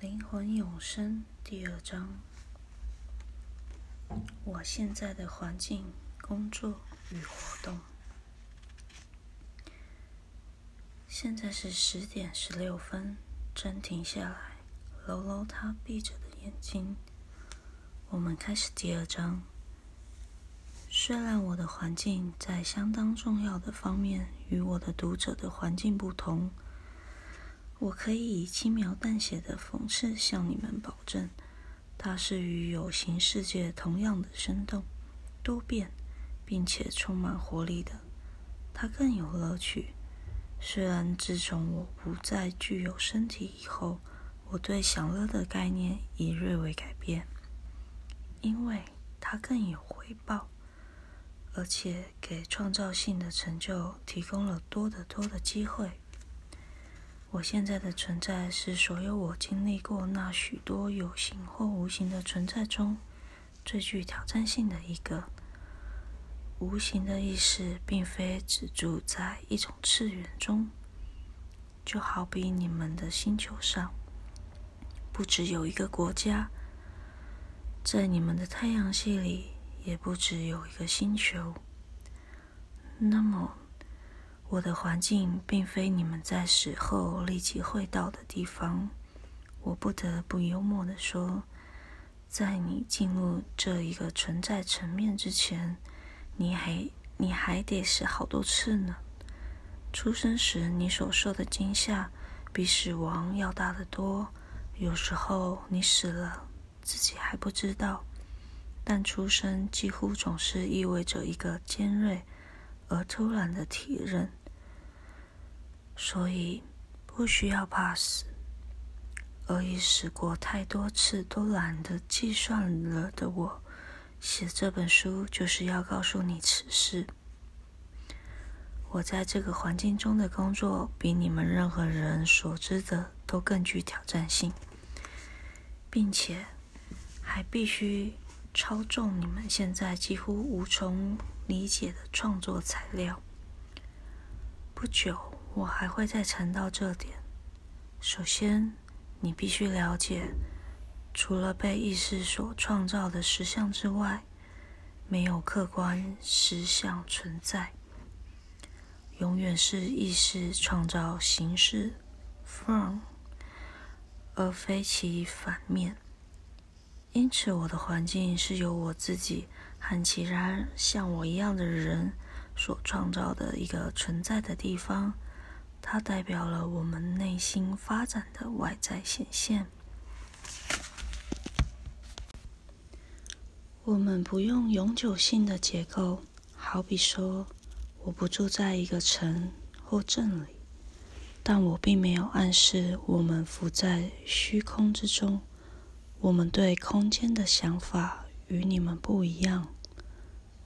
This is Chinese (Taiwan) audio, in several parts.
靈魂永生第二章。我現在的環境、工作與活動。現在是十點十六分，珍停下來，揉揉她閉着的眼睛。我們開始第二章。雖然我的環境在相當重要的方面與我的讀者的環境不同，我可以以輕描淡寫的諷刺向你們保證，它是與有形世界同樣的生動、多變，並且充滿活力的。它更有樂趣。雖然自從我不再具有身體以後，我對享樂的概念已略微改變，因為它更有回報，而且給創造性的成就提供了多得多的機會。我現在的存在是所有我經歷過那許多有形或無形的存在中最具挑戰性的一個。無形的意識並非只住在一種次元中，就好比你們的星球上不只有一個國家，在你們的太陽系裡也不只有一個星球。那麼。我的環境並非你們在死後立即會到的地方，我不得不幽默地說，在你進入這一個存在層面之前，你還你還得死好多次呢。出生時你所受的驚嚇比死亡要大得多，有時候你死了自己還不知道，但出生幾乎總是意味着一個尖銳。而突然的體認，所以不需要怕死。而已死過太多次都懶得計算了的我，寫這本書就是要告訴你此事。我在這個環境中的工作，比你們任何人所知的都更具挑戰性，並且還必須。操縱你們現在幾乎無從理解的創作材料。不久，我還會再談到這點。首先，你必須了解，除了被意識所創造的實相之外，沒有客觀實相存在。永遠是意識創造形式，form，而非其反面。因此，我的環境是由我自己、和其他像我一樣的人所創造的一個存在的地方。它代表了我們內心發展的外在顯現。我們不用永久性的結構，好比說我不住在一個城或鎮裡，但我並沒有暗示我們浮在虛空之中。我們對空間的想法與你們不一樣，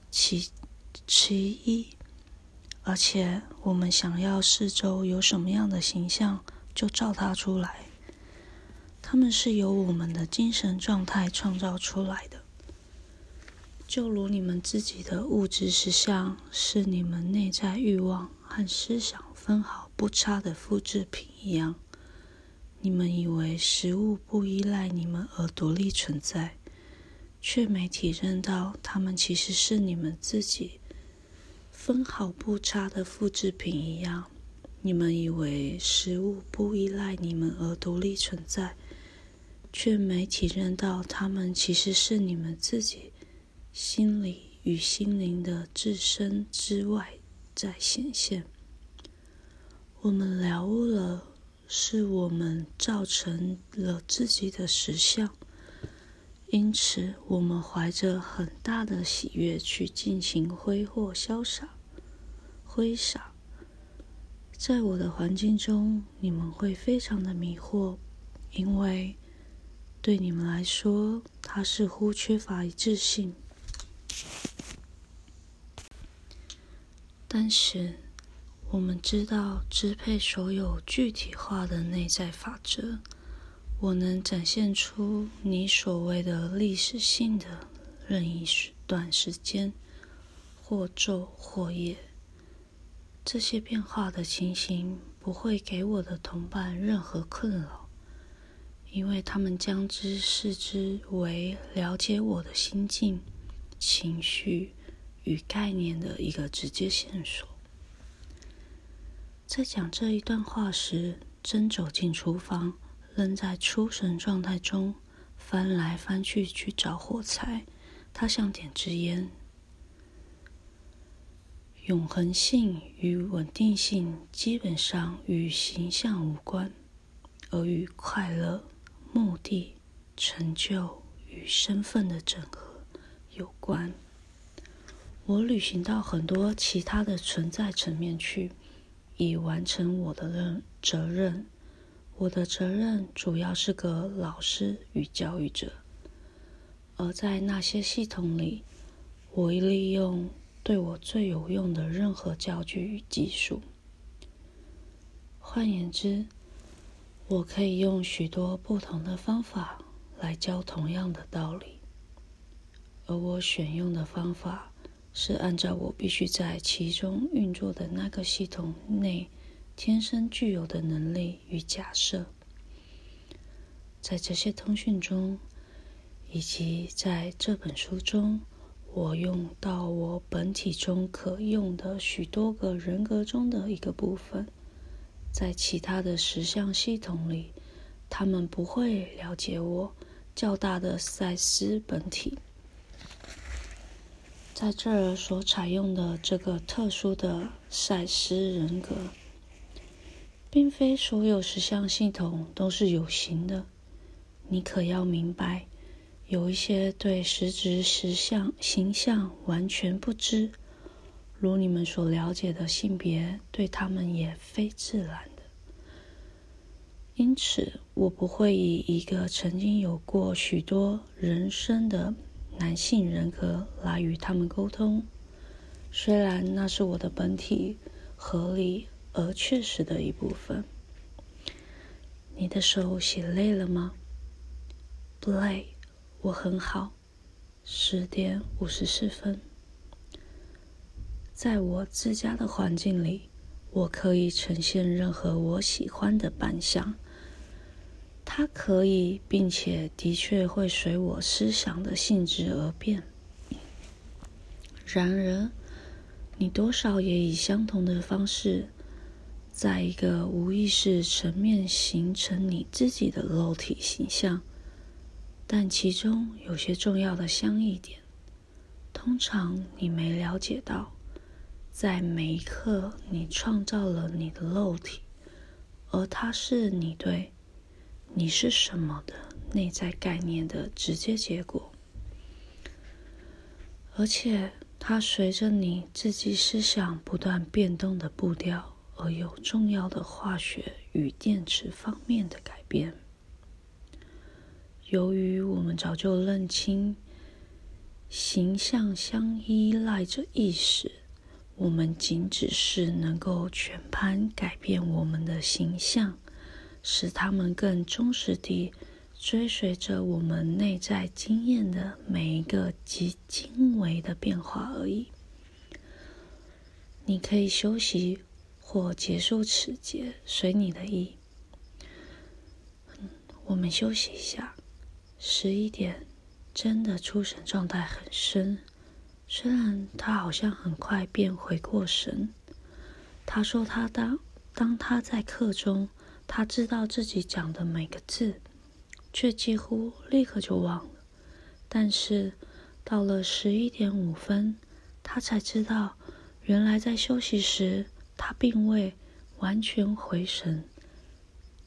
其其一，而且我們想要四周有什麼樣的形象，就照它出來。它們是由我們的精神狀態創造出來的，就如你們自己的物質實相，是你們內在慾望和思想分毫不差的複製品一樣。你們以為食物不依賴你們而獨立存在，卻沒體認到它們其實是你們自己分毫不差的複製品一樣。你們以為食物不依賴你們而獨立存在，卻沒體認到它們其實是你們自己心理與心靈的自身之外在顯現，現。我們聊了。是我們造成了自己的實相，因此我們懷着很大的喜悅去盡情揮霍瀟灑揮灑。在我的環境中，你們會非常的迷惑，因為對你們來說，它似乎缺乏一致性，但是。我們知道支配所有具體化的內在法則，我能展現出你所謂的歷史性的任意短時間，或晝或夜，這些變化的情形不會給我的同伴任何困擾，因為他們將之視之為了解我的心境、情緒與概念的一個直接線索。在講這一段話時，真走進廚房，仍在出神狀態中翻來翻去去找火柴。他想點支煙。永恆性與穩定性基本上與形象無關，而與快樂、目的、成就與身份的整合有關。我旅行到很多其他的存在層面去。以完成我的任責任。我的責任主要是個老師與教育者，而在那些系統裡，我利用對我最有用的任何教具與技術。換言之，我可以用許多不同的方法來教同樣的道理，而我選用的方法。是按照我必須在其中運作的那個系統內天生具有的能力與假設，在這些通訊中，以及在這本書中，我用到我本體中可用的許多個人格中的一個部分。在其他的實相系統裡，他們不會了解我較大的賽斯本體。在這兒所採用的這個特殊的賽斯人格，並非所有實相系統都是有形的。你可要明白，有一些對實質實相、形象完全不知，如你們所了解的性別，對他們也非自然的。因此，我不會以一個曾經有過許多人生的，男性人格來與他們溝通，雖然那是我的本體合理而確實的一部分。你的手寫累了嗎？不累，我很好。十點五十四分，在我自家的環境裡，我可以呈現任何我喜歡的扮相。它可以，並且的確會隨我思想的性質而變。然而，你多少也以相同的方式，在一個無意識層面形成你自己的肉體形象。但其中有些重要的相異點，通常你沒了解到。在每一刻，你創造了你的肉體，而它是你對。你是什麼的內在概念的直接結果，而且它隨着你自己思想不斷變動的步調而有重要的化學與電磁方面的改變。由於我們早就認清形象相依賴着意識，我們僅只是能夠全盤改變我們的形象，使他們更忠實地追隨着我們內在經驗的每一個極精微的變化而已。你可以休息或結束此節，隨你的意。嗯，我們休息一下。十一點，真的出神狀態很深，雖然他好像很快便回過神。他說：“他當當他在課中。”他知道自己講的每個字，卻幾乎立刻就忘了。但是到了十一點五分，他才知道，原來在休息時他並未完全回神。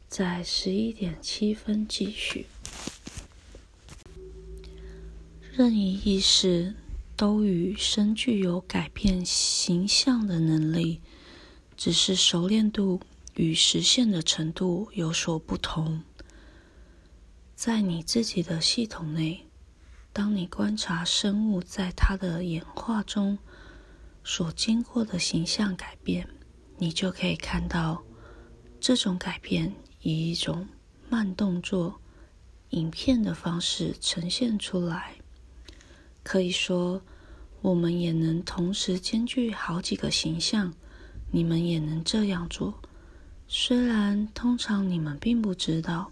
在十一點七分繼續。任意意識都與生具有改變形象的能力，只是熟練度，與實現的程度有所不同。在你自己的系統內，當你觀察生物在它的演化中所經過的形象改變，你就可以看到這種改變以一種慢動作影片的方式呈現出來。可以說，我們也能同時兼具好幾個形象，你們也能這樣做。雖然通常你們並不知道，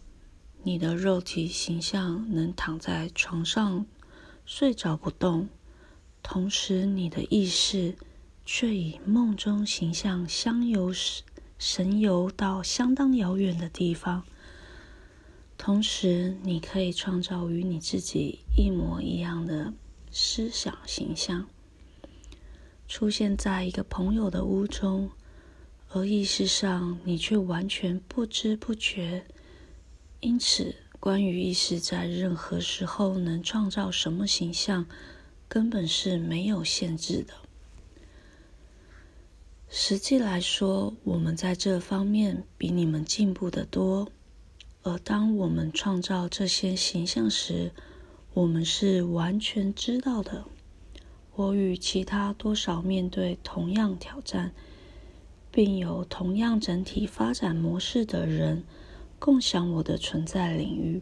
你的肉體形象，能躺在床上睡着不動，同時你的意識卻以夢中形象相由神遊到相當遙遠的地方，同時你可以創造與你自己一模一樣的思想形象，出現在一個朋友的屋中。而意識上，你卻完全不知不覺。因此，關於意識在任何時候能創造什麼形象，根本是沒有限制的。實際來說，我們在這方面比你們進步得多。而當我們創造這些形象時，我們是完全知道的。我與其他多少面對同樣挑戰。並有同樣整體發展模式的人共享我的存在領域。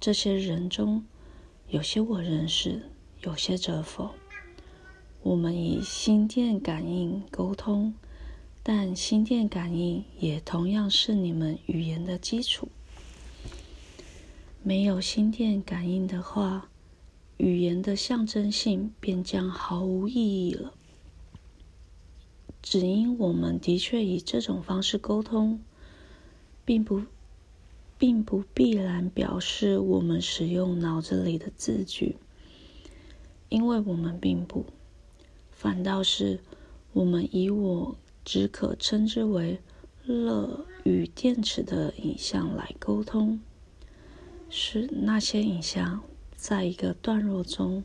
這些人中，有些我認識，有些則否。我們以心電感應溝通，但心電感應也同樣是你們語言的基礎。沒有心電感應的話，語言的象徵性便將毫無意義了。只因我們的確以這種方式溝通，並不，並不必然表示我們使用腦子裡的字句，因為我們並不，反倒是我們以我只可稱之為“樂與電池”的影像來溝通，使那些影像在一個段落中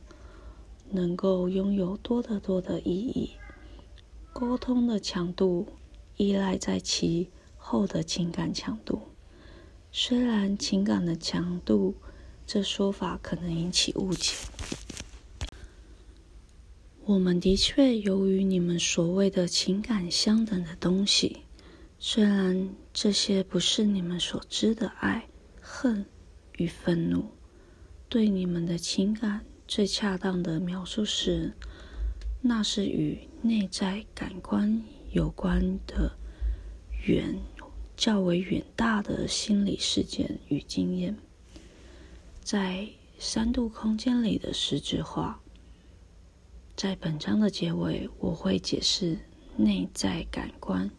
能夠擁有多得多的意義。溝通的強度依賴在其後的情感強度。雖然“情感的強度”這說法可能引起誤解，我們的確有與你們所謂的情感相等的東西，雖然這些不是你們所知的愛、恨與憤怒，對你們的情感最恰當的描述是。那是與內在感官有關的遠、較為遠大的心理事件與經驗，在三度空間裡的實質化。在本章的結尾，我會解釋內在感官，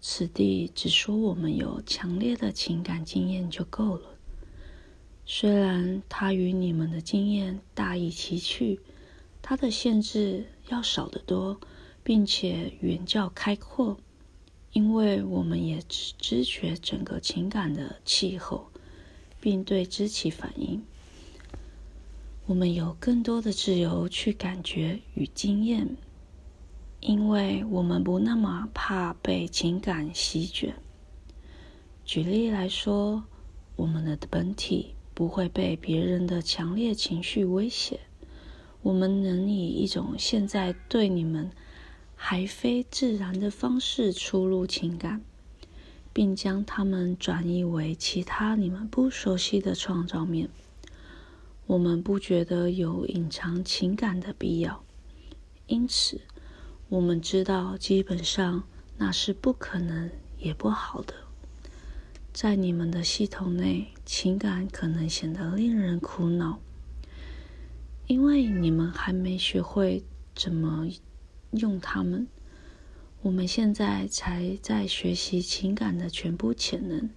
此地只說我們有強烈的情感經驗就夠了，雖然它與你們的經驗大異其趣。它的限制要少得多，並且遠較開闊，因為我們也只知覺整個情感的氣候，並對之起反應。我們有更多的自由去感覺與經驗，因為我們不那麼怕被情感席捲。舉例來說，我們的本體不會被別人的強烈情緒威脅。我們能以一種現在對你們還非自然的方式出入情感，並將它們轉移為其他你們不熟悉的創造面。我們不覺得有隱藏情感的必要，因此我們知道基本上那是不可能也不好的。在你們的系統內，情感可能顯得令人苦惱。因為你們還沒學會怎麼用它們，我們現在才在學習情感的全部潛能，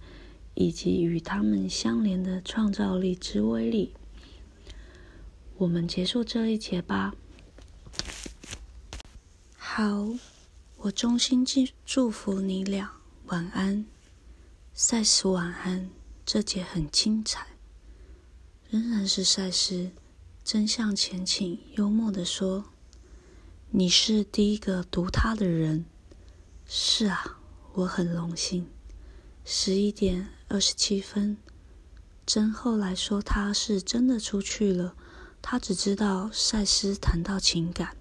以及與它們相連的創造力之威力。我們結束這一節吧。好，我衷心祝祝福你倆晚安。賽斯晚安，這節很精彩，仍然是賽斯。真相前淺情幽默地說：“你是第一個讀他的人。”“是啊，我很榮幸。”十一點二十七分，真後來說他是真的出去了。他只知道賽斯談到情感。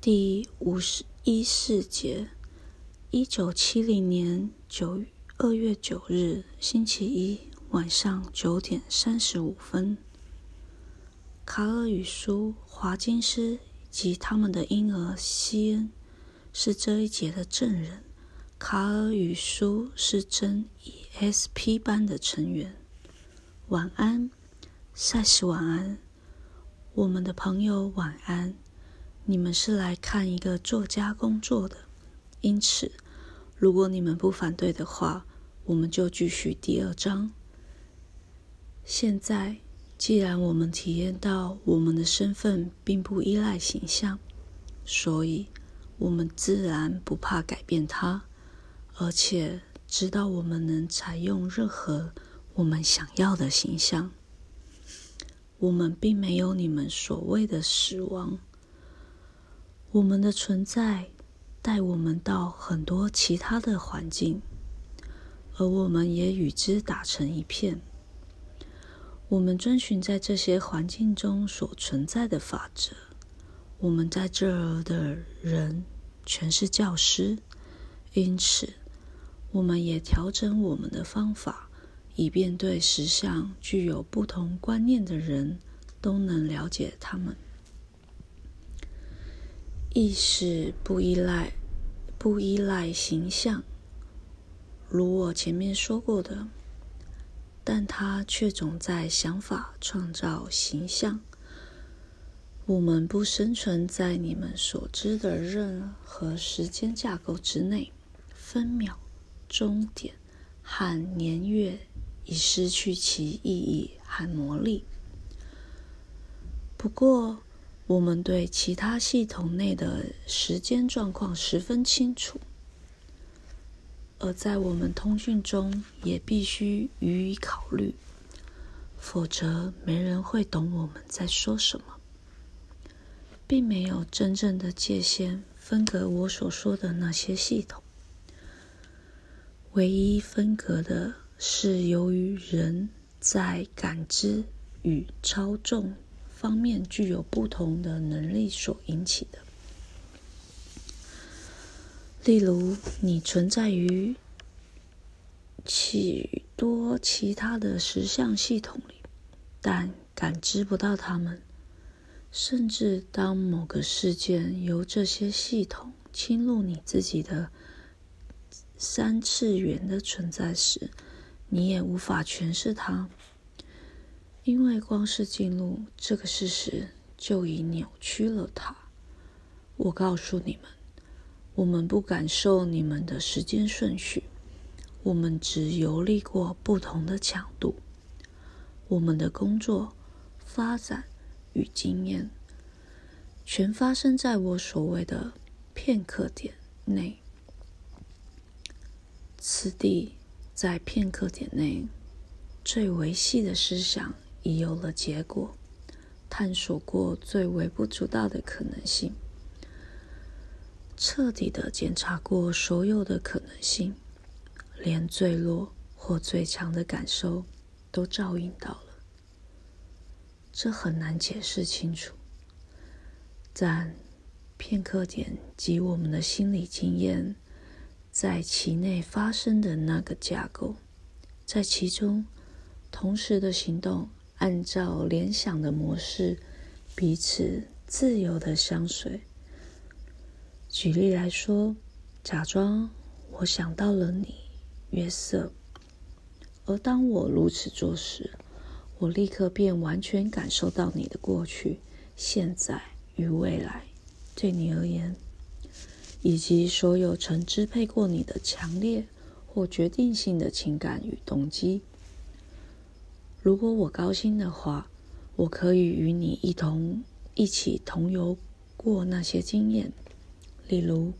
第五十一四節，一九七零年九二月九日星期一晚上九點三十五分。卡爾與蘇華金斯以及他們的嬰兒西恩是這一節的證人。卡爾與蘇是真 ESP 班的成員。晚安，賽斯，晚安，我們的朋友，晚安。你們是來看一個作家工作的，因此，如果你們不反對的話，我們就繼續第二章。現在。既然我們體驗到我們的身份並不依賴形象，所以我們自然不怕改變它，而且知道我們能採用任何我們想要的形象。我們並沒有你們所謂的死亡。我們的存在帶我們到很多其他的環境，而我們也與之打成一片。我們遵循在這些環境中所存在的法則。我們在這兒的人全是教師，因此，我們也調整我們的方法，以便對實相具有不同觀念的人都能了解他們。意識不依賴，不依賴形象，如我前面說過的。但它卻總在想法創造形象。我們不生存在你們所知的任何時間架構之內，分秒、鐘點和年月已失去其意義和魔力。不過，我們對其他系統內的時間狀況十分清楚。而在我們通訊中也必須予以考慮，否則沒人會懂我們在說什麼。並沒有真正的界限分隔我所說的那些系統，唯一分隔的是由於人在感知與操縱方面具有不同的能力所引起的。例如，你存在於許多其他的實相系統裡，但感知不到它們。甚至當某個事件由這些系統侵入你自己的三次元的存在時，你也無法詮釋它，因為光是進入這個事實就已扭曲了它。我告訴你們。我們不感受你們的時間順序，我們只遊歷過不同的強度。我們的工作、發展與經驗，全發生在我所謂的片刻點內。此地在片刻點內，最微細的思想已有了結果，探索過最微不足道的可能性。徹底的檢查過所有的可能性，連最弱或最強的感受都照應到了。這很難解釋清楚。但片刻點及我們的心理經驗，在其內發生的那個架構，在其中，同時的行動按照聯想的模式，彼此自由的相隨。舉例來說，假裝我想到了你，約瑟。而當我如此做時，我立刻便完全感受到你的過去、現在與未來。對你而言，以及所有曾支配過你的強烈或決定性的情感與動機。如果我高興的話，我可以與你一同一起同遊過那些經驗。例如，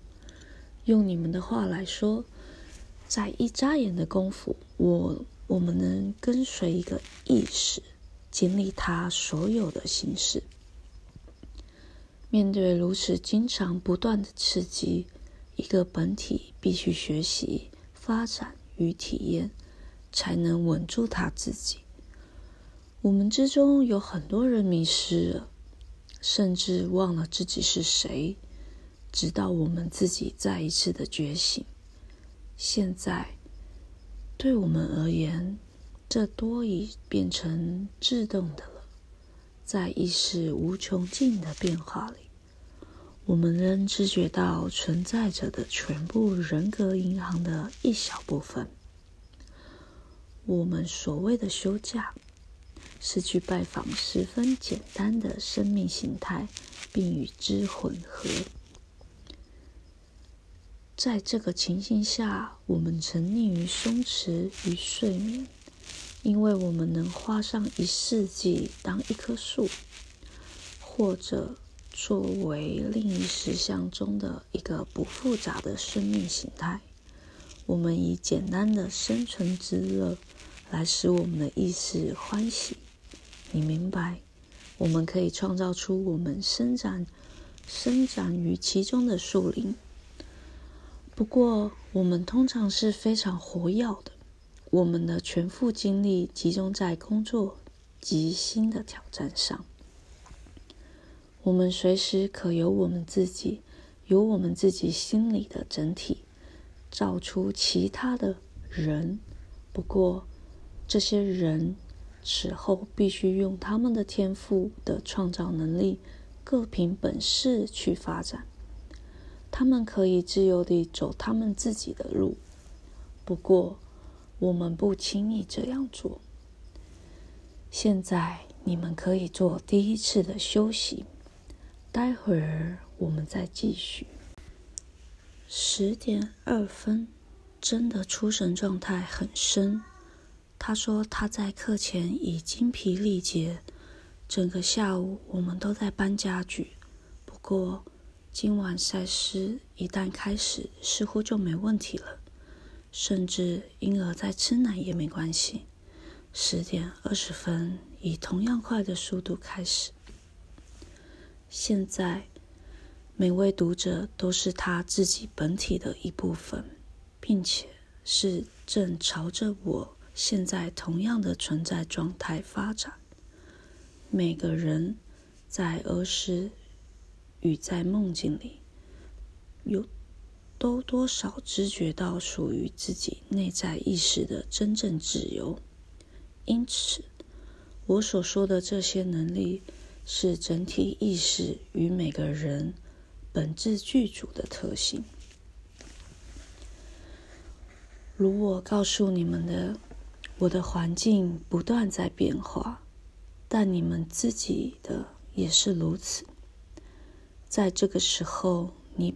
用你們的話來說，在一眨眼的功夫，我我們能跟隨一個意識，經歷它所有的形式。面對如此經常不斷的刺激，一個本體必須學習、發展與體驗，才能穩住他自己。我們之中有很多人迷失了，甚至忘了自己是誰。直到我們自己再一次的覺醒。現在，對我們而言，這多已變成自動的了。在意識無窮盡的變化裡，我們仍知覺到存在着的全部人格銀行的一小部分。我們所謂的休假，是去拜訪十分簡單的生命形態，並與之混合。在這個情形下，我們沉溺於鬆弛與睡眠，因為我們能花上一世紀當一棵樹，或者作為另一實相中的一個不複雜的生命形態。我們以簡單的生存之樂來使我們的意識歡喜。你明白，我們可以創造出我們生長、生長於其中的樹林。不過，我們通常是非常活躍的，我們的全副精力集中在工作及新的挑戰上。我們隨時可由我們自己、由我們自己心裡的整體，造出其他的人。不過，這些人此後必須用他們的天賦的創造能力，各憑本事去發展。他們可以自由地走他們自己的路，不過我們不輕易這樣做。現在你們可以做第一次的休息，待會兒我們再繼續。十點二分，真的出神狀態很深。他說他在課前已精疲力竭，整個下午我們都在搬家具。不過。今晚賽斯一旦開始，似乎就沒問題了。甚至嬰兒在吃奶也沒關係。十點二十分，以同樣快的速度開始。現在，每位讀者都是他自己本體的一部分，並且是正朝着我現在同樣的存在狀態發展。每個人在兒時。與在夢境裡，有都多少知覺到屬於自己內在意識的真正自由。因此，我所說的這些能力是整體意識與每個人本質具足的特性。如我告訴你們的，我的環境不斷在變化，但你們自己的也是如此。在這個時候，你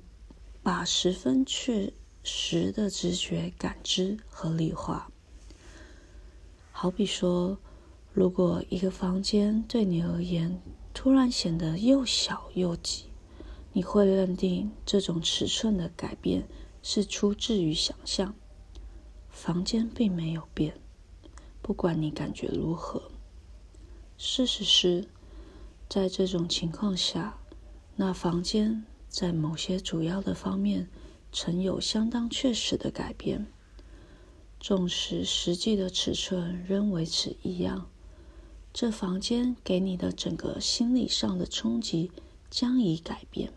把十分確實的直覺感知合理化。好比說，如果一個房間對你而言突然顯得又小又擠，你會認定這種尺寸的改變是出自於想象，房間並沒有變，不管你感覺如何。事實是，在這種情況下。那房間在某些主要的方面曾有相當確實的改變，縱使實際的尺寸仍維持一樣，這房間給你的整個心理上的衝擊將已改變，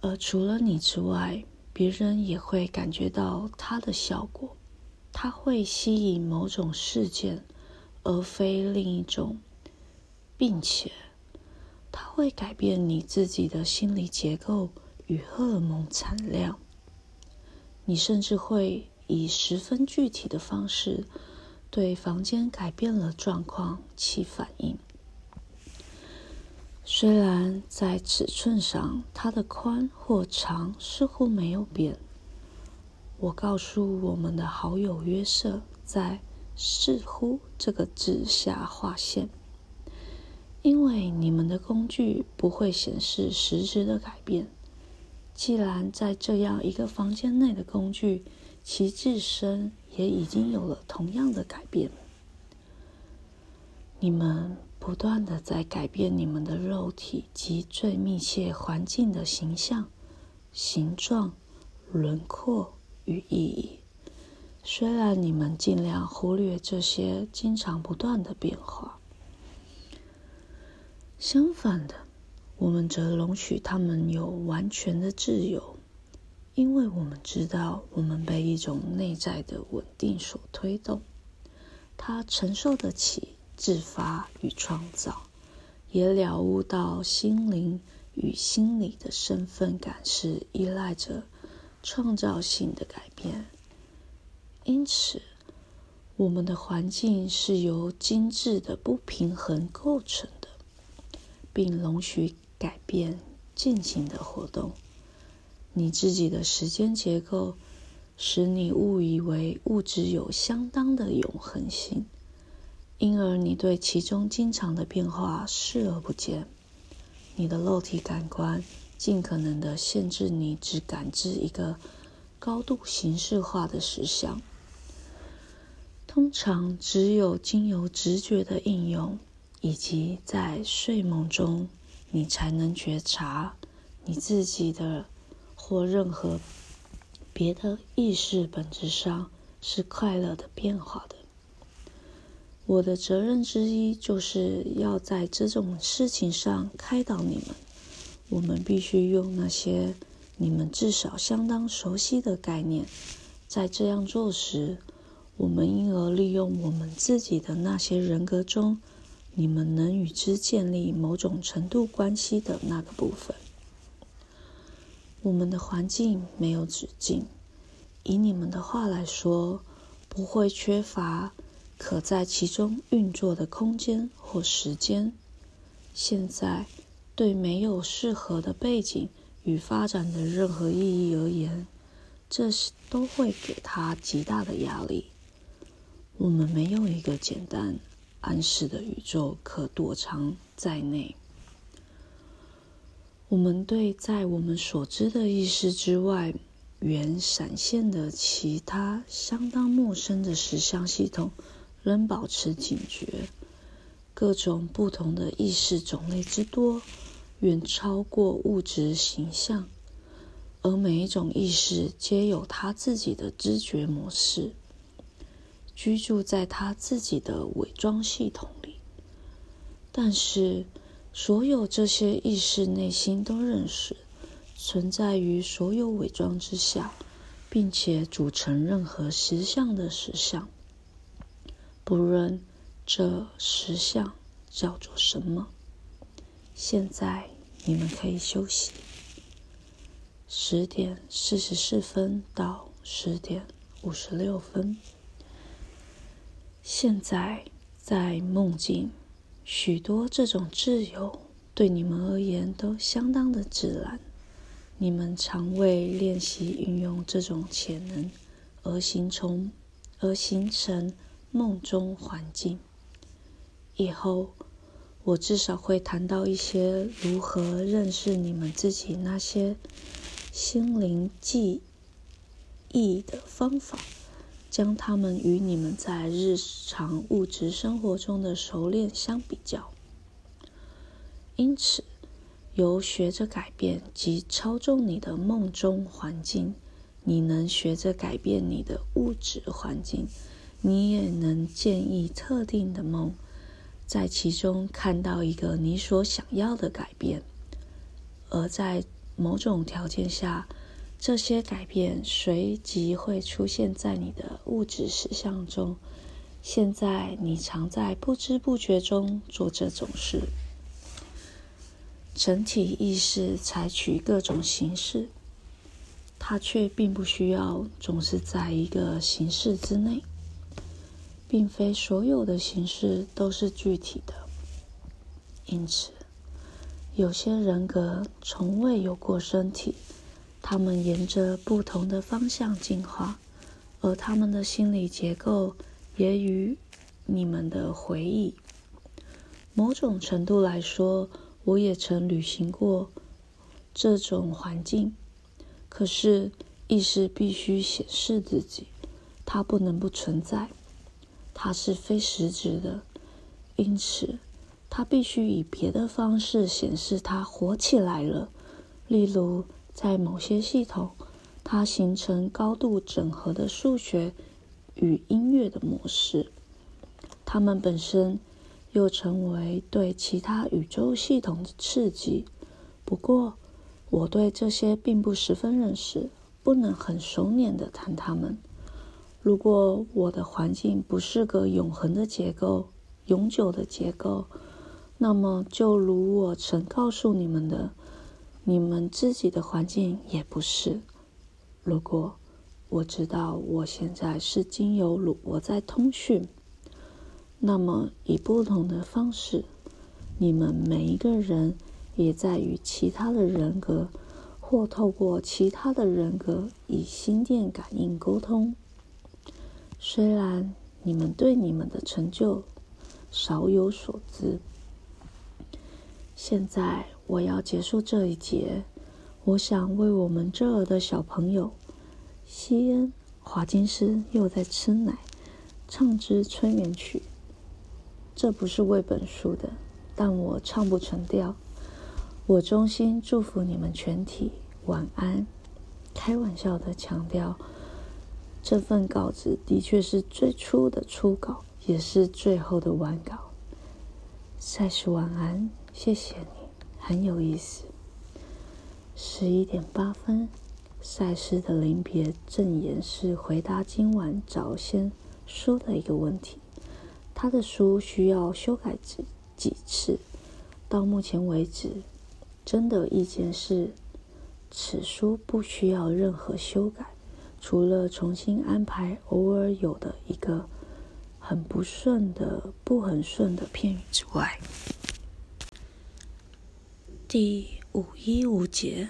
而除了你之外，別人也會感覺到它的效果，它會吸引某種事件，而非另一種，並且。它會改變你自己的心理結構與荷爾蒙產量，你甚至會以十分具體的方式對房間改變了狀況起反應。雖然在尺寸上，它的寬或長似乎沒有變，我告訴我們的好友約瑟，在“似乎”這個字下劃線。因為你們的工具不會顯示實質的改變，既然在這樣一個房間內的工具，其自身也已經有了同樣的改變。你們不斷的在改變你們的肉體及最密切環境的形象、形狀、輪廓與意義，雖然你們儘量忽略這些經常不斷的變化。相反的，我們則容許他們有完全的自由，因為我們知道我們被一種內在的穩定所推動，他承受得起自發與創造，也了悟到心靈與心理的身份感是依賴着創造性的改變。因此，我們的環境是由精緻的不平衡構成的。並容許改變進行的活動，你自己的時間結構使你誤以為物質有相當的永恆性，因而你對其中經常的變化視而不見。你的肉體感官盡可能的限制你，只感知一個高度形式化的實相，通常只有經由直覺的應用，以及在睡夢中，你才能覺察你自己的或任何別的意識本質上是快樂的變化的。我的責任之一就是要在這種事情上開導你們。我們必須用那些你們至少相當熟悉的概念，在這樣做時，我們因而利用我們自己的那些人格中。你們能與之建立某種程度關係的那個部分。我們的環境沒有止境，以你們的話來說，不會缺乏可在其中運作的空間或時間。現在，對沒有適合的背景與發展的任何意義而言，這都會給他極大的壓力。我們沒有一個簡單。暗示的宇宙可躲藏在內。我們對在我們所知的意識之外、原閃現的其他相當陌生的實相系統，仍保持警覺。各種不同的意識種類之多，遠超過物質形象，而每一種意識皆有它自己的知覺模式。居住在他自己的偽裝系統裡，但是所有這些意識內心都認識，存在於所有偽裝之下，並且組成任何實相的實相，不論這實相叫做什麼。現在你們可以休息。十點四十四分到十點五十六分。現在在夢境，許多這種自由對你們而言都相當的自然。你們常為練習運用這種潛能而形成，而形成夢中環境。以後，我至少會談到一些如何認識你們自己那些心靈記憶的方法。將它們與你們在日常物質生活中的熟練相比較。因此，由學着改變及操縱你的夢中環境，你能學着改變你的物質環境，你也能建議特定的夢，在其中看到一個你所想要的改變，而在某種條件下。這些改變隨即會出現在你的物質實相中。現在你常在不知不覺中做這種事。整體意識採取各種形式，它卻並不需要總是在一個形式之內。並非所有的形式都是具體的，因此，有些人格從未有過身體。他們沿着不同的方向進化，而他們的心理結構也與你們的回憶。某種程度來說，我也曾旅行過這種環境。可是意識必須顯示自己，它不能不存在。它是非實質的，因此它必須以別的方式顯示它活起來了，例如。在某些系統，它形成高度整合的數學與音樂的模式，它們本身又成為對其他宇宙系統的刺激。不過，我對這些並不十分認識，不能很熟練地談它們。如果我的環境不是個永恆的結構、永久的結構，那麼就如我曾告訴你們的。你們自己的環境也不是。如果我知道我現在是經由魯柏，在通訊，那麼以不同的方式，你們每一個人也在與其他的人格，或透過其他的人格以心電感應溝通。雖然你們對你們的成就少有所知，現在。我要結束這一節。我想為我們這兒的小朋友，西恩·華金斯又在吃奶，唱支催眠曲。這不是為本書的，但我唱不成調。我衷心祝福你們全體晚安。開玩笑的強調，這份稿子的確是最初的初稿，也是最後的完稿。賽斯晚安，謝謝你。很有意思。十一點八分，賽斯的臨別贈言是回答今晚早先說的一個問題。他的書需要修改幾幾次？到目前為止，真的意見是，此書不需要任何修改，除了重新安排偶爾有的一個很不順的、不很順的片語之外。Why? 第五一五節，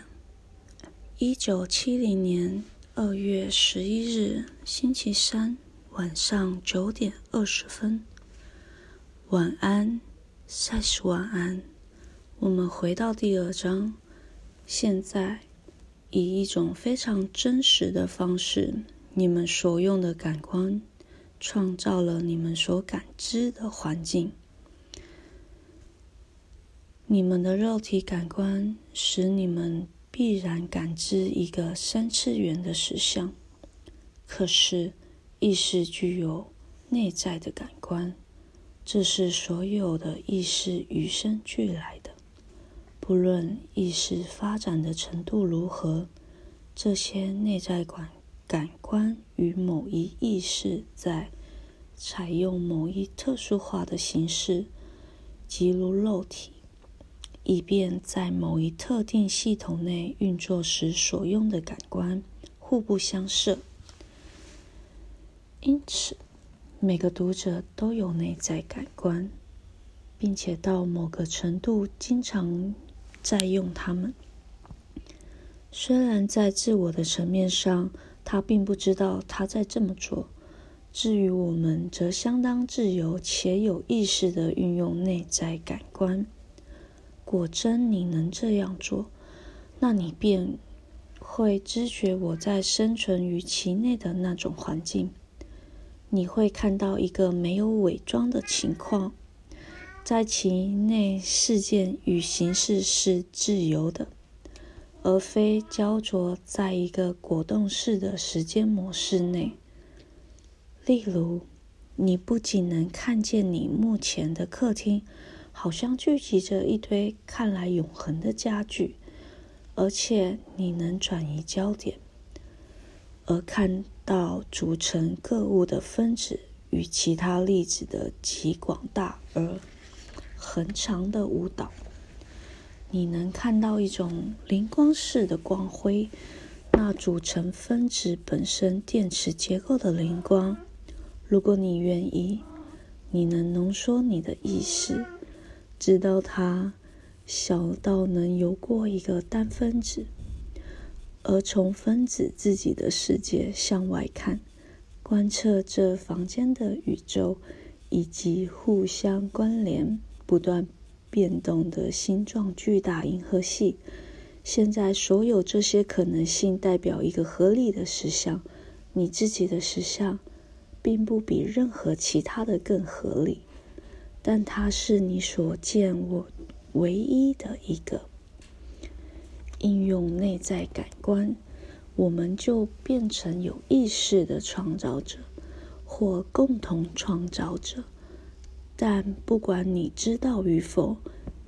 一九七零年二月十一日星期三晚上九點二十分。晚安，賽斯晚安。我們回到第二章。現在，以一種非常真實的方式，你們所用的感官創造了你們所感知的環境。你們的肉體感官使你們必然感知一個三次元的實相，可是意識具有內在的感官，這是所有的意識與生俱來的，不論意識發展的程度如何，這些內在感感官與某一意識在採用某一特殊化的形式，即如肉體。以便在某一特定系統內運作時所用的感官互不相涉，因此每個讀者都有內在感官，並且到某個程度經常在用它們。雖然在自我的層面上，他並不知道他在這麼做；至於我們，則相當自由且有意識地運用內在感官。果真你能這樣做，那你便會知覺我在生存於其內的那種環境。你會看到一個沒有偽裝的情況，在其內事件與形式是自由的，而非焦灼在一個果凍式的時間模式內。例如，你不僅能看見你目前的客廳。好像聚集着一堆看來永恆的家具，而且你能轉移焦點，而看到組成各物的分子與其他粒子的極廣大而恆長的舞蹈。你能看到一種靈光似的光輝，那組成分子本身電磁結構的靈光。如果你願意，你能濃縮你的意識。直到它小到能游過一個單分子，而從分子自己的世界向外看，觀測這房間的宇宙，以及互相關聯、不斷變動的星狀巨大銀河系。現在所有這些可能性代表一個合理的實相。你自己的實相，並不比任何其他的更合理。但它是你所見我唯一的一個。應用內在感官，我們就變成有意識的創造者或共同創造者。但不管你知道與否，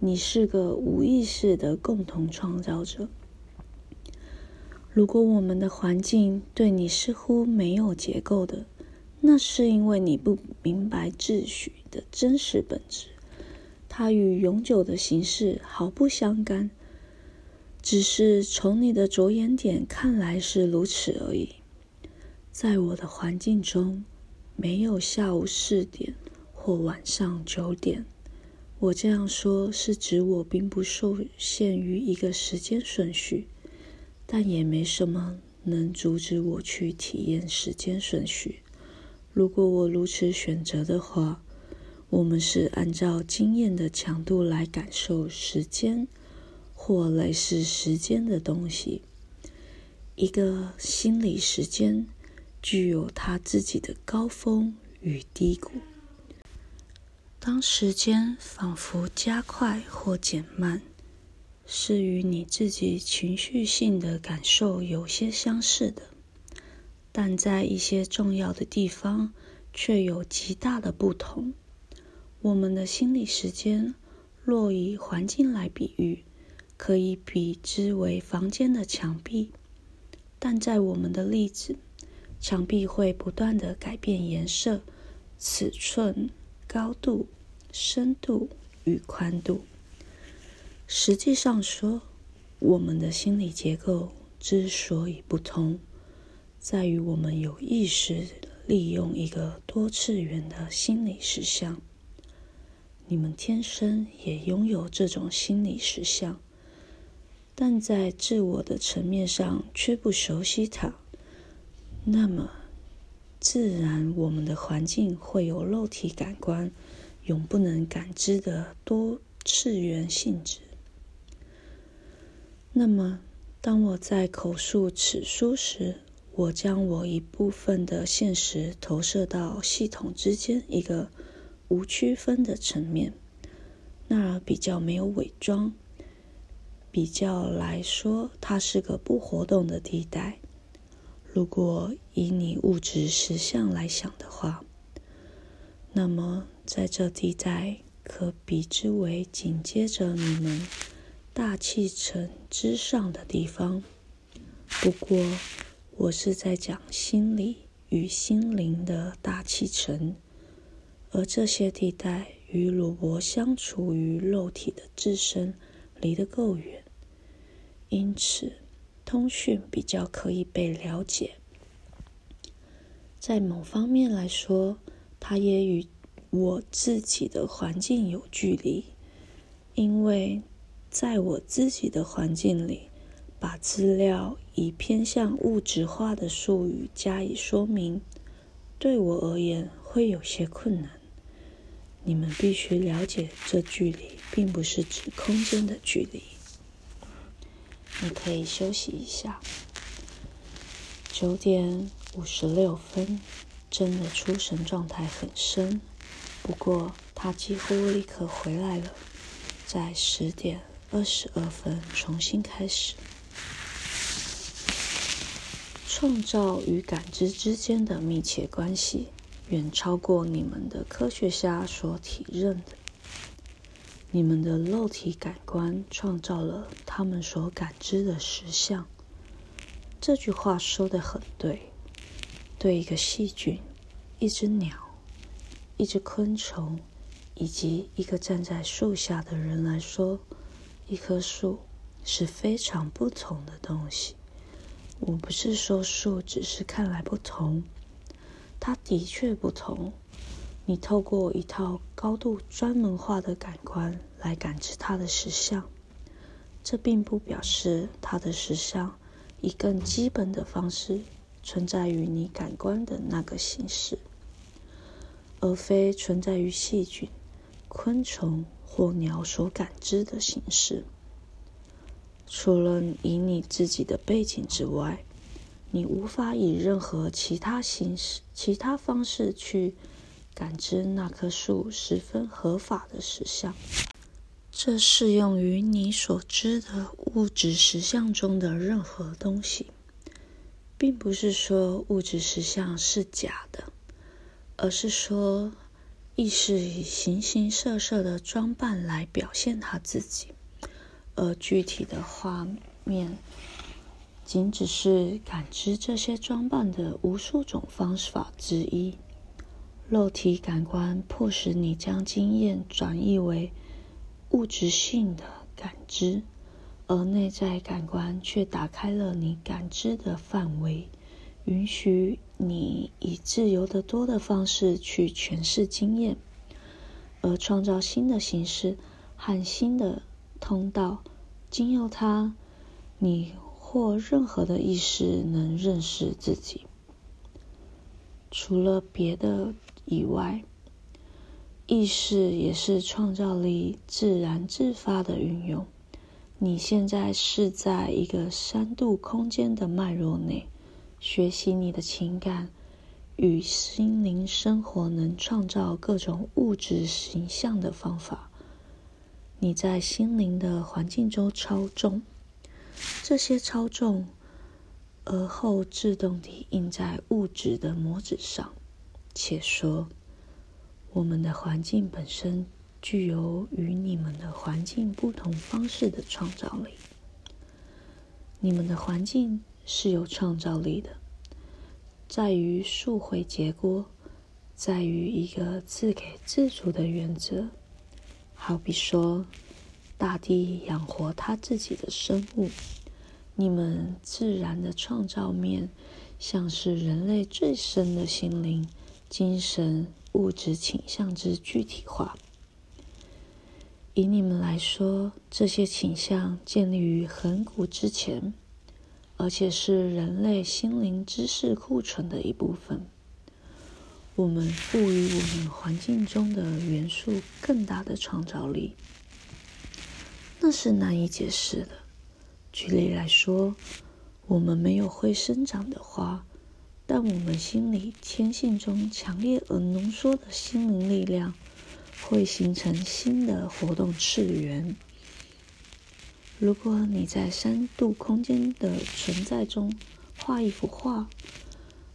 你是個無意識的共同創造者。如果我們的環境對你似乎沒有結構的，那是因為你不明白秩序的真實本質，它與永久的形式毫不相干，只是從你的着眼點看來是如此而已。在我的環境中，沒有下午四點或晚上九點。我這樣說是指我並不受限於一個時間順序，但也沒什麼能阻止我去體驗時間順序，如果我如此選擇的話。我們是按照經驗的強度來感受時間或類似時間的東西。一個心理時間具有它自己的高峰與低谷。當時間仿佛加快或減慢，是與你自己情緒性的感受有些相似的，但在一些重要的地方卻有極大的不同。我們的心理時間，若以環境來比喻，可以比之為房間的牆壁。但在我們的例子，牆壁會不斷地改變顏色、尺寸、高度、深度與寬度。實際上說，我們的心理結構之所以不同，在於我們有意識利用一個多次元的心理實相。你們天生也擁有這種心理實相，但在自我的層面上卻不熟悉它。那麼，自然我們的環境會有肉體感官，永不能感知的多次元性質。那麼，當我在口述此書時，我將我一部分的現實投射到系統之間一個無區分的層面，那兒比較沒有偽裝。比較來說，它是個不活動的地帶。如果以你物質實相來想的話，那麼在這地帶可比之為緊接着你們大氣層之上的地方。不過，我是在講心理與心靈的大氣層。而這些地帶與魯伯相處於肉體的自身離得夠遠，因此通訊比較可以被了解。在某方面來說，它也與我自己的環境有距離，因為在我自己的環境裡，把資料以偏向物質化的術語加以說明，對我而言會有些困難。你們必須了解，這距離並不是指空間的距離。你可以休息一下。九點五十六分，真的出神狀態很深，不過他幾乎立刻回來了，在十點二十二分重新開始。創造與感知之間的密切關係。遠超過你們的科學家所體認的。你們的肉體感官創造了他們所感知的實相。這句話說的很對。對一個細菌、一只鳥、一只昆蟲，以及一個站在樹下的人來說，一棵樹是非常不同的東西。我不是說樹只是看來不同。它的確不同，你透過一套高度專門化的感官來感知它的實相，這並不表示它的實相以更基本的方式存在於你感官的那個形式，而非存在於細菌、昆蟲或鳥所感知的形式。除了以你自己的背景之外，你無法以任何其他形式、其他方式去感知那棵樹十分合法的實相。這適用於你所知的物質實相中的任何東西，並不是說物質實相是假的，而是說意識以形形色色的裝扮來表現他自己，而具體的畫面，僅只是感知這些裝扮的無數種方法之一。肉體感官迫使你將經驗轉移為物質性的感知，而內在感官卻打開了你感知的範圍，允許你以自由得多的方式去詮釋經驗，而創造新的形式和新的通道，經由它，你。或任何的意識能認識自己，除了別的以外，意識也是創造力自然自發的運用。你現在是在一個三度空間的脈絡內，學習你的情感與心靈生活能創造各種物質形象的方法。你在心靈的環境中操縱。這些操縱而後自動地印在物質的模子上。且說，我們的環境本身具有與你們的環境不同方式的創造力。你們的環境是有創造力的，在於溯回結果，在於一個自給自足的原則，好比說。大地養活它自己的生物。你們自然的創造面，像是人類最深的心靈、精神、物質傾向之具體化。以你們來說，這些傾向建立於亙古之前，而且是人類心靈知識庫存的一部分。我們賦予我們環境中的元素更大的創造力。那是難以解釋的。舉例來說，我們沒有會生長的花，但我們心裡天性中強烈而濃縮的心靈力量，會形成新的活動次元。如果你在三度空間的存在中畫一幅畫，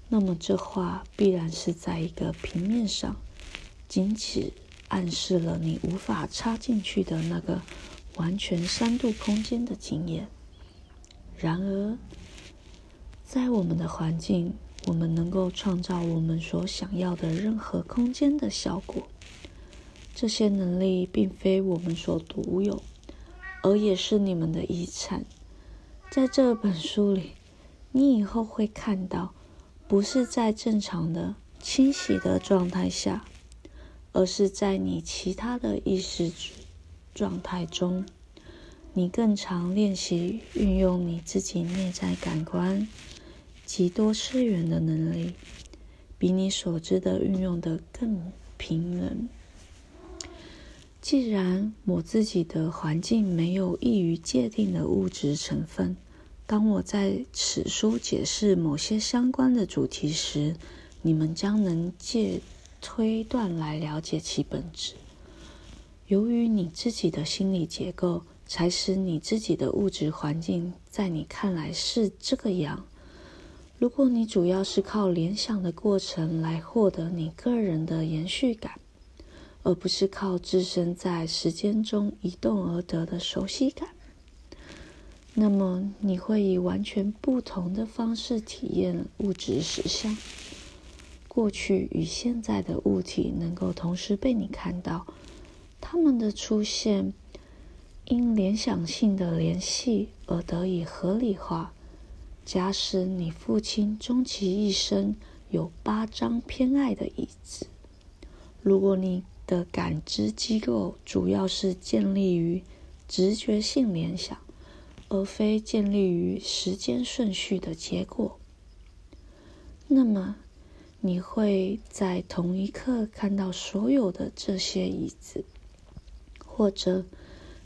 那麼這畫必然是在一個平面上，僅此暗示了你無法插進去的那個。完全三度空間的經驗。然而，在我們的環境，我們能夠創造我們所想要的任何空間的效果。這些能力並非我們所獨有，而也是你們的遺產。在這本書裡，你以後會看到，不是在正常的清醒的狀態下，而是在你其他的意識。狀態中，你更常練習運用你自己內在感官及多次元的能力，比你所知的運用得更平穩。既然我自己的環境沒有易於界定的物質成分，當我在此書解釋某些相關的主題時，你們將能借推斷來了解其本質。由於你自己的心理結構，才使你自己的物質環境在你看來是這個樣。如果你主要是靠聯想的過程來獲得你個人的延續感，而不是靠自身在時間中移動而得的熟悉感，那麼你會以完全不同的方式體驗物質實相。過去與現在的物體能夠同時被你看到。他們的出現，因聯想性的聯繫而得以合理化。假使你父親終其一生有八張偏愛的椅子，如果你的感知機構主要是建立於直覺性聯想，而非建立於時間順序的結果，那麼你會在同一刻看到所有的這些椅子。或者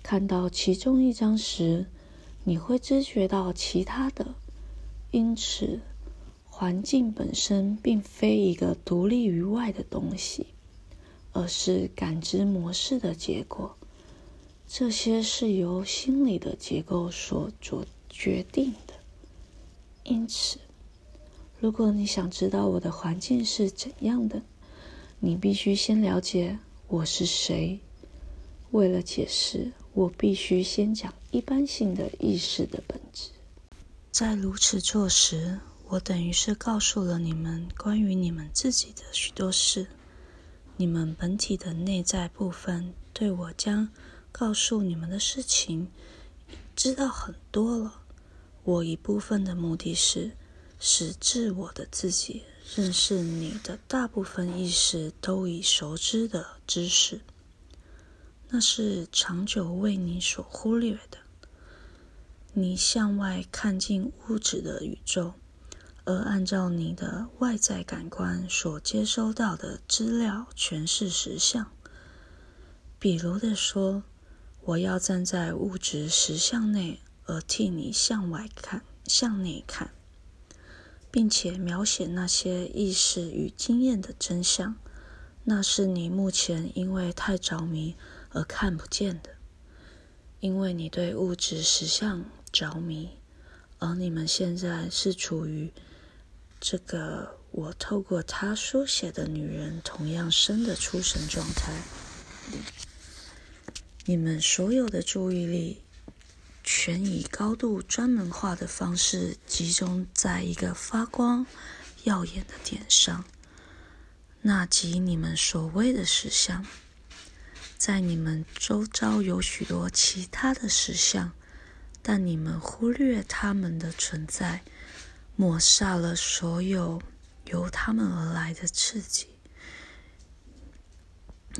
看到其中一張時，你會知覺到其他的。因此，環境本身並非一個獨立於外的東西，而是感知模式的結果。這些是由心理的結構所做決定的。因此，如果你想知道我的環境是怎樣的，你必須先了解我是誰。為了解釋，我必須先講一般性的意識的本質。在如此做時，我等於是告訴了你們關於你們自己的許多事。你們本體的內在部分對我將告訴你們的事情知道很多了。我一部分的目的是使自我的自己認識你的大部分意識都已熟知的知識。那是長久為你所忽略的。你向外看進物質的宇宙，而按照你的外在感官所接收到的資料，詮釋實相。比如的說，我要站在物質實相內，而替你向外看、向內看，並且描寫那些意識與經驗的真相。那是你目前因為太着迷，而看不見的，因為你對物質實相着迷，而你們現在是處於這個我透過他書寫的女人同樣深的出神狀態。你們所有的注意力全以高度專門化的方式集中在一個發光耀眼的點上，那即你們所謂的實相。在你們周遭有許多其他的實相，但你們忽略它們的存在，抹殺了所有由它們而來的刺激。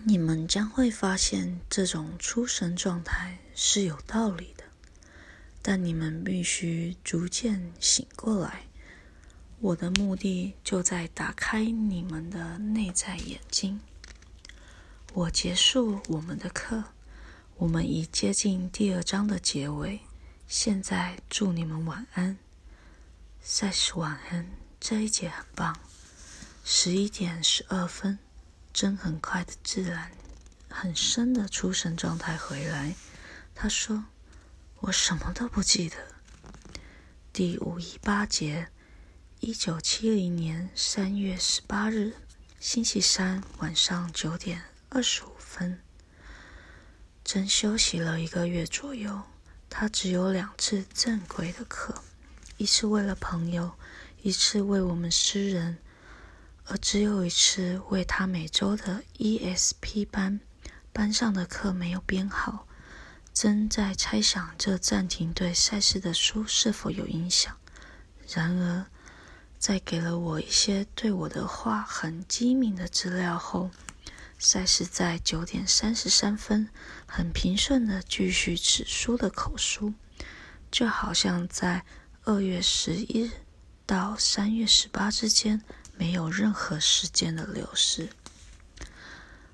你們將會發現這種出神狀態是有道理的，但你們必須逐漸醒過來。我的目的就在打開你們的內在眼睛。我結束我們的課，我們已接近第二章的結尾。現在祝你們晚安。賽斯晚安，這一節很棒。十一點十二分，珍很快的自然，很深的出神狀態回來。他說：“我什麼都不記得。”第五一八節，一九七零年三月十八日，星期三晚上九點。二十五分，珍休息了一個月左右。他只有兩次正規的課，一次為了朋友，一次為我們詩人。而只有一次為他每周的 ESP 班。班上的課沒有編號。珍在猜想這暫停對賽斯的書是否有影響。然而，在給了我一些對我的話很機敏的資料後。賽斯在九點三十三分，很平順的繼續此書的口述，就好像在二月十一日到三月十八之間沒有任何時間的流逝。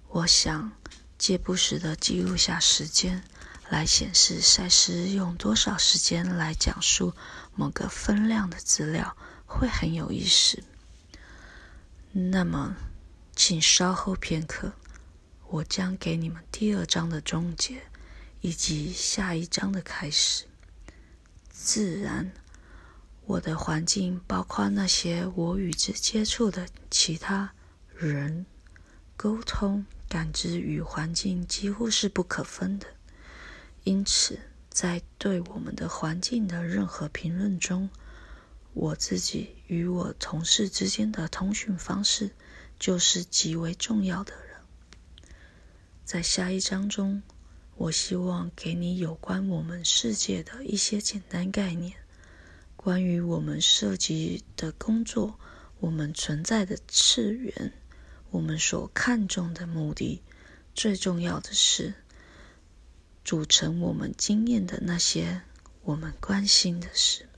我想借不時的記錄下時間，來顯示賽斯用多少時間來講述某個分量的資料，會很有意思。那麼，請稍候片刻。我將給你們第二章的總結，以及下一章的開始。自然，我的環境包括那些我與之接觸的其他人，溝通、感知與環境幾乎是不可分的。因此，在對我們的環境的任何評論中，我自己與我同事之間的通訊方式就是極為重要的。在下一章中，我希望給你有關我們世界的一些簡單概念，關於我們涉及的工作，我們存在的次元，我們所看重的目的，最重要的是組成我們經驗的那些我們關心的事。